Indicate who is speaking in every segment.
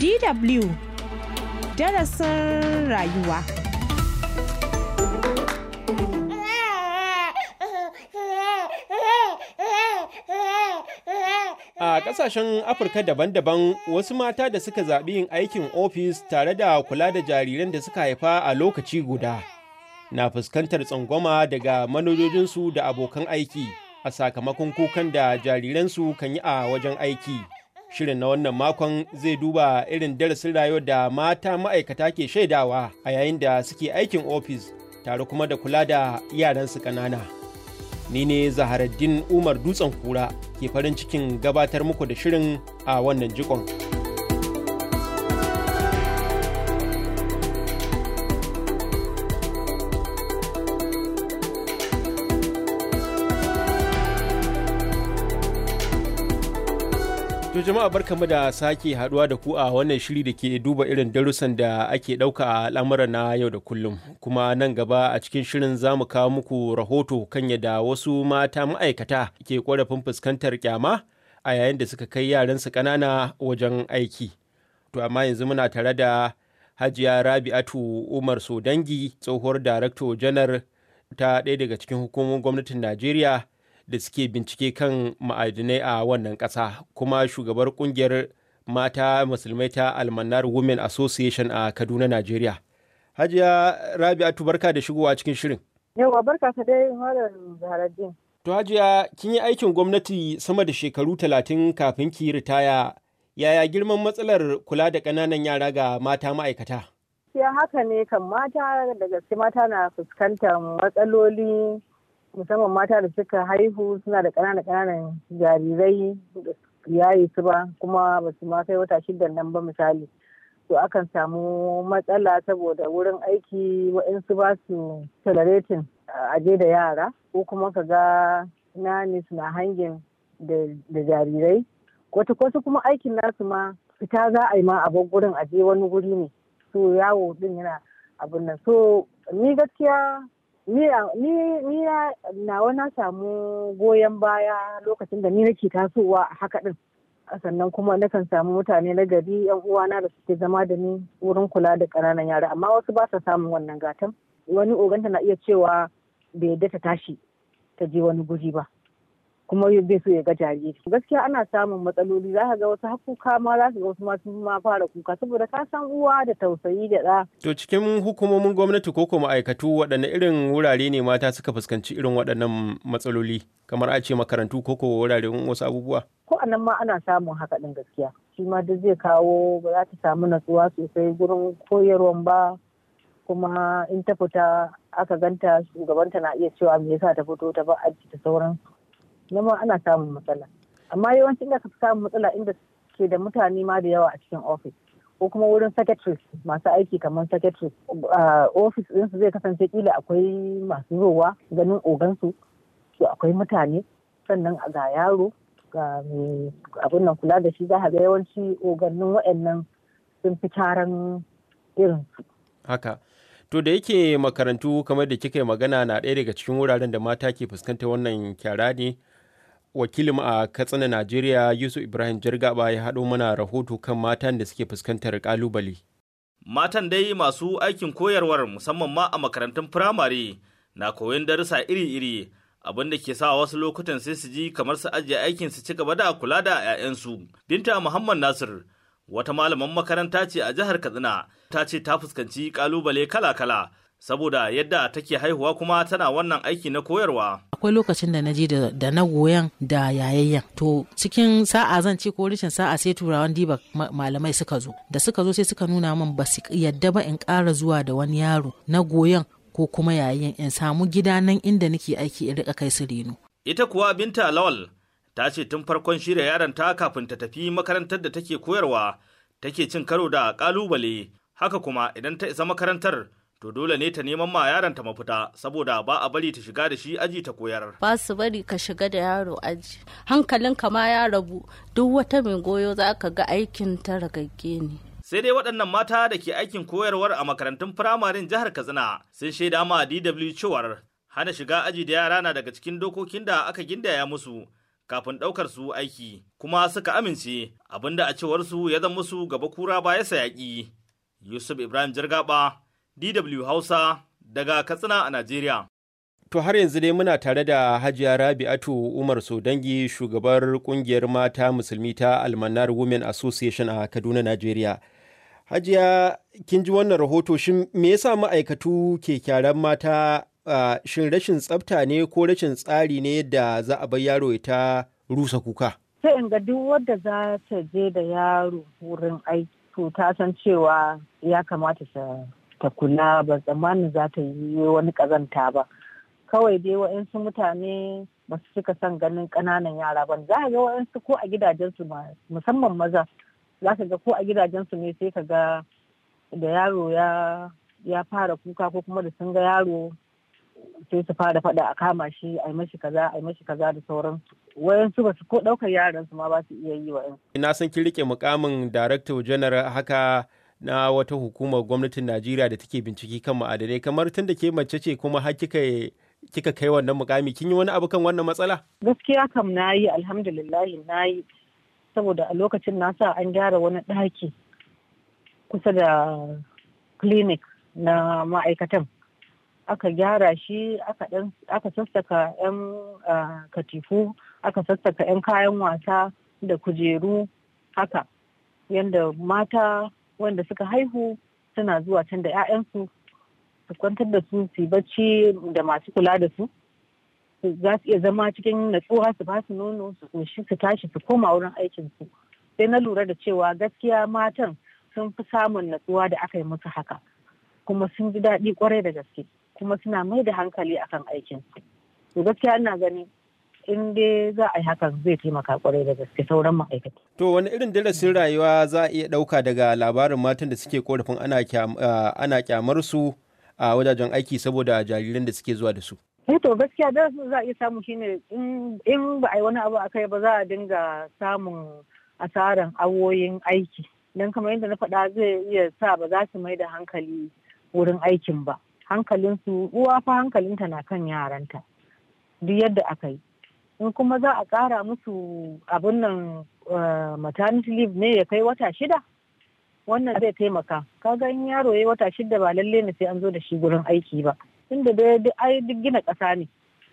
Speaker 1: DW darasin rayuwa.
Speaker 2: A ƙasashen Afirka daban-daban wasu mata da suka zaɓi yin aikin ofis tare da kula da jariran da suka haifa a lokaci guda na fuskantar tsangwama daga manojojinsu da abokan aiki a sakamakon kukan da jariransu kan yi a wajen aiki. Shirin na wannan makon zai duba irin darasin rayuwar da mata ma'aikata ke shaidawa a yayin da suke aikin ofis tare kuma da kula da yaransu ƙanana. Ni ne Zaharaddin Umar Dutsen Kura ke farin cikin gabatar muku da shirin a wannan jikon. To jama'a barkamu da sake haduwa da ku a wannan shiri da ke duba irin darussan da ake dauka a al'amura na yau da kullum. Kuma nan gaba a cikin shirin za mu kawo muku rahoto kan yadda wasu mata ma'aikata ke korafin fuskantar kyama a yayin da suka kai yaransu ƙanana wajen aiki. To amma yanzu muna tare da Hajiya Rabi'atu Umar Sodangi, tsohuwar Darakto Janar ta ɗaya daga cikin hukumomin gwamnatin Najeriya da suke bincike kan ma'adinai a wannan ƙasa kuma shugabar ƙungiyar mata musulmai ta almanar women association a kaduna najeriya hajiya rabi'atu barka da shigowa cikin shirin
Speaker 3: yawa barka ka dai
Speaker 2: to hajiya kin yi aikin gwamnati sama da shekaru talatin kafin ki ritaya yaya girman matsalar kula da ƙananan yara ga mata ma'aikata
Speaker 3: gaskiya haka ne kan mata daga gaske mata na fuskantar matsaloli musamman mata da suka haihu suna da ƙananan ƙananan jarirai da yayi su ba kuma ba su ma kai wata shida nan ba misali to akan samu matsala saboda wurin aiki waɗansu ba su tolerating aje da yara ko kuma ka ga nanis na hangin da jarirai wata kwasu kuma aikin nasu ma fita za a yi ma a gurin aje wani guri ne so yawo din yana abin nan so ni gaskiya ni nawa na samu goyon baya lokacin da ni nake tasowa a haka din sannan kuma na kan samu mutane na gari yan uwana da suke zama da ni wurin kula da ƙananan yara amma wasu ba sa samun wannan gatan wani oganta na iya cewa bai yadda ta tashi ta je wani guri ba kuma bai so ya ga jariri gaskiya ana samun matsaloli za ka ga wasu hakuka ma za ka ga wasu masu ma fara kuka saboda ka san uwa da tausayi da ɗa.
Speaker 2: to cikin hukumomin gwamnati ko kuma ma'aikatu waɗanne irin wurare ne mata suka fuskanci irin waɗannan matsaloli kamar a ce makarantu ko ko wuraren wasu abubuwa.
Speaker 3: ko a nan ma ana samun haka ɗin gaskiya shi ma duk zai kawo ba za ta samu natsuwa sosai gurin koyarwan ba kuma in ta fita aka ganta shugabanta na iya cewa me yasa ta fito ta ba aji da sauransu zama ana samun matsala amma yawancin da ka fi samun matsala inda ke da mutane ma da yawa a cikin ofis ko kuma wurin secretaries masu aiki kamar secretaries ah, ofis ɗinsu zai kasance kila akwai masu zowa ganin ogansu su akwai mutane sannan ga yaro ga mai abin nan kula da shi za a ga yawanci ogannin waɗannan sun fi taron irinsu.
Speaker 2: Haka. To da yake makarantu kamar da kika yi magana na ɗaya daga cikin wuraren da mata ke fuskantar wannan kyara ne wakilin a katsina najeriya yusuf ibrahim jirgaba ya haɗo mana rahoto kan matan da suke fuskantar ƙalubale
Speaker 4: matan dai masu aikin koyarwar musamman ma a makarantun firamare na koyon darussa iri-iri abin da ke sa wasu lokutan sai su ji kamar su ajiye aikin su ci gaba da kula da 'ya'yansu binta muhammad nasir wata malaman makaranta ce a jihar katsina ta ce ta fuskanci ƙalubale kala-kala saboda yadda take haihuwa kuma tana wannan aiki na koyarwa.
Speaker 3: Akwai lokacin da na je da na goyon da yayayyen To cikin sa'a zan ce ko rishin sa'a sai turawan diba malamai suka zo. Da suka zo sai suka nuna min ba su yadda ba in kara zuwa da wani yaro na goyon ko kuma yayin in samu gida nan inda nake aiki in rika kai su reno.
Speaker 4: Ita kuwa Binta Lawal ta ce tun farkon shirya yaron ta kafin ta tafi makarantar da take koyarwa take cin karo da ƙalubale haka kuma idan ta isa makarantar to dole ne ta neman ma yaron ta mafita saboda ba a bari ta shiga da shi aji ta koyar.
Speaker 3: Ba su bari ka shiga da yaro aji. Hankalin ka ma ya rabu duk wata mai goyo za ka ga aikin ta ragagge ne.
Speaker 4: Sai dai waɗannan mata da ke aikin koyarwar a makarantun firamarin jihar Katsina sun shaida ma DW cewar hana shiga aji da yara na daga cikin dokokin da aka gindaya musu kafin ɗaukar su aiki kuma suka amince abinda a cewar su ya zama musu gaba kura ba ya yaƙi Yusuf Ibrahim Jirgaba DW Hausa daga Katsina a Najeriya.
Speaker 2: To har yanzu dai muna tare da Hajiya Rabi'atu Umar Sodangi shugabar kungiyar mata musulmi ta Almanar Women Association a Kaduna, Najeriya. Hajiya kin ji wannan rahoto shin me yasa ma'aikatu ke kyaran mata shin rashin tsafta ne ko rashin tsari ne da za a bar yaro ta rusa kuka?
Speaker 3: Sai in ga duk wadda za ta je da yaro wurin aiki ta san cewa ya kamata ta ta kula ba tsammanin za ta yi wani kazanta ba kawai dai wa'insu mutane ba su cika son ganin kananan yara ba za a ga wa'insu ko a gidajensu musamman maza za ka ga ko a gidajensu ne sai ka ga da yaro ya fara kuka ko kuma da sun ga yaro sai su fara faɗa a kama shi a yi mashi kaza a yi mashi kaza da sauran wayansu ba su ko ɗaukar yaran su ma ba su iya yi wa
Speaker 2: na san kin mukamin director general haka na wata hukumar gwamnatin Najeriya da take bincike kan ma'adanai kamar tun da ke mace ce kuma har kika kika kai wannan mukami kin yi wani abu kan wannan matsala
Speaker 3: gaskiya kam nayi alhamdulillah nayi saboda a lokacin na sa an gyara wani ɗaki kusa da clinic na ma'aikatan aka gyara shi aka sassaka 'yan katifu aka sassaka 'yan kayan wasa da kujeru haka yanda mata wanda suka haihu suna zuwa can da 'ya'yansu su kwantar da su su bacci da masu kula da su za su iya zama cikin natsuwa su ba su nono su tashi su koma wurin aikin su sai na lura da cewa gaskiya matan sun fi samun natsuwa da aka yi musu haka kuma sun ji daɗi kwarai da gaske kuma suna mai da hankali akan aikin su gaskiya ina gani in dai za a yi hakan zai taimaka kwarai da gaske sauran ma'aikata.
Speaker 2: To wani irin darasin rayuwa za a iya ɗauka daga labarin matan da suke korafin ana kyamar su a wajajen aiki saboda jariran da suke zuwa da su.
Speaker 3: Eh to gaskiya darasin za a iya samu shine in ba a yi wani abu a kai ba za a dinga samun asaran awoyin aiki. Don kamar yadda na faɗa zai iya sa ba za su mai da hankali wurin aikin ba. Hankalinsu uwa fa hankalinta na kan yaranta. Duk yadda aka yi. in kuma za a kara musu abin nan eh, maternity leave ne ya kai wata shida wannan zai taimaka kaga in yaro ya wata shida ba lalle ne sai an zo da shi gurin aiki ba tunda da ai duk gina ƙasa ne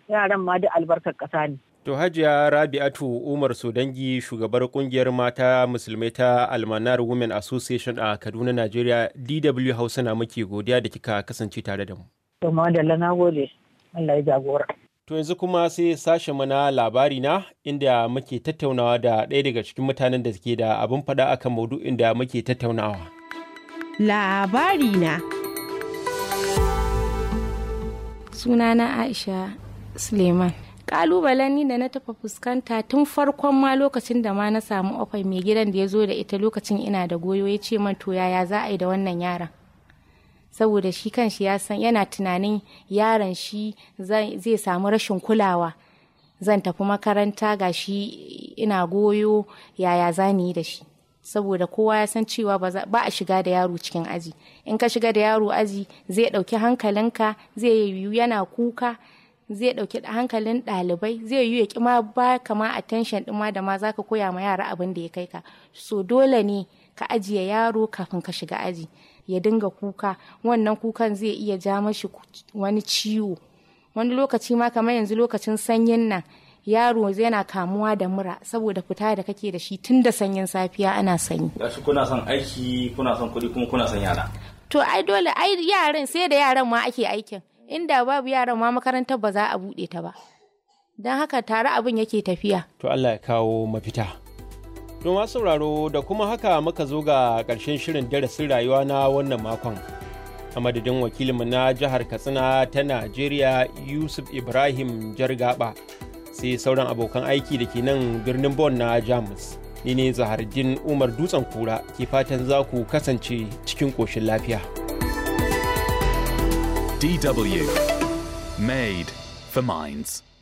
Speaker 3: yaran ma duk albarkar ƙasa ne
Speaker 2: To Hajiya Rabi'atu Umar Sodangi shugabar kungiyar mata musulmai ta Almanar Women Association a Kaduna, nigeria DW Hausa na muke godiya da kika kasance tare da mu.
Speaker 3: To madalla na gode. Allah ya jagora.
Speaker 2: To yanzu kuma sai sashe mana labari na inda muke tattaunawa da ɗaya daga cikin mutanen da ke da abin faɗa akan maudu inda muke tattaunawa.
Speaker 1: Labari na. Sunana Aisha Suleiman. kalubalen ni da na tafa fuskanta tun farkon ma lokacin da ma na samu ofai mai gidan da ya zo da ita lokacin ina da goyo ya ce man to yaya za a yi da wannan yaran.' saboda shi kan shi san yana tunanin yaron shi zai samu rashin kulawa zan tafi makaranta ga shi ina goyo yaya za ni da shi saboda kowa ya san cewa ba a shiga da yaro cikin aji in ka shiga da yaro aji zai ɗauki hankalinka zai yiwu yana kuka zai ɗauki hankalin ɗalibai zai yiwu ya ki ma ba kama attention ɗin ma da ma za ka koya ma yara abin da ya kai ka so dole ne ka ajiye yaro kafin ka shiga aji ya dinga kuka wannan kukan zai iya ja mashi wani ciwo wani lokaci ma kamar yanzu lokacin sanyin nan yaro yana kamuwa da mura saboda fita da kake da shi tun da sanyin safiya ana sanyi
Speaker 4: gashi kuna son aiki kuna son kuɗi kuma kuna son yara
Speaker 1: to ai dole ai yaran sai da yaran ma ake aikin inda babu yaran ma makarantar ba za a buɗe ta ba don haka tare abin yake tafiya
Speaker 2: to Allah ya kawo mafita noma sauraro da kuma haka muka zo ga ƙarshen shirin darasin rayuwa na wannan makon. A madadin wakilinmu na jihar Katsina ta Najeriya Yusuf Ibrahim Jargaba sai sauran abokan aiki da ke nan birnin Bon na Jamus. Ni ne zaharjin Umar Dutsen Kura ke fatan za ku kasance cikin ƙoshin lafiya.
Speaker 3: DW
Speaker 2: Made for Minds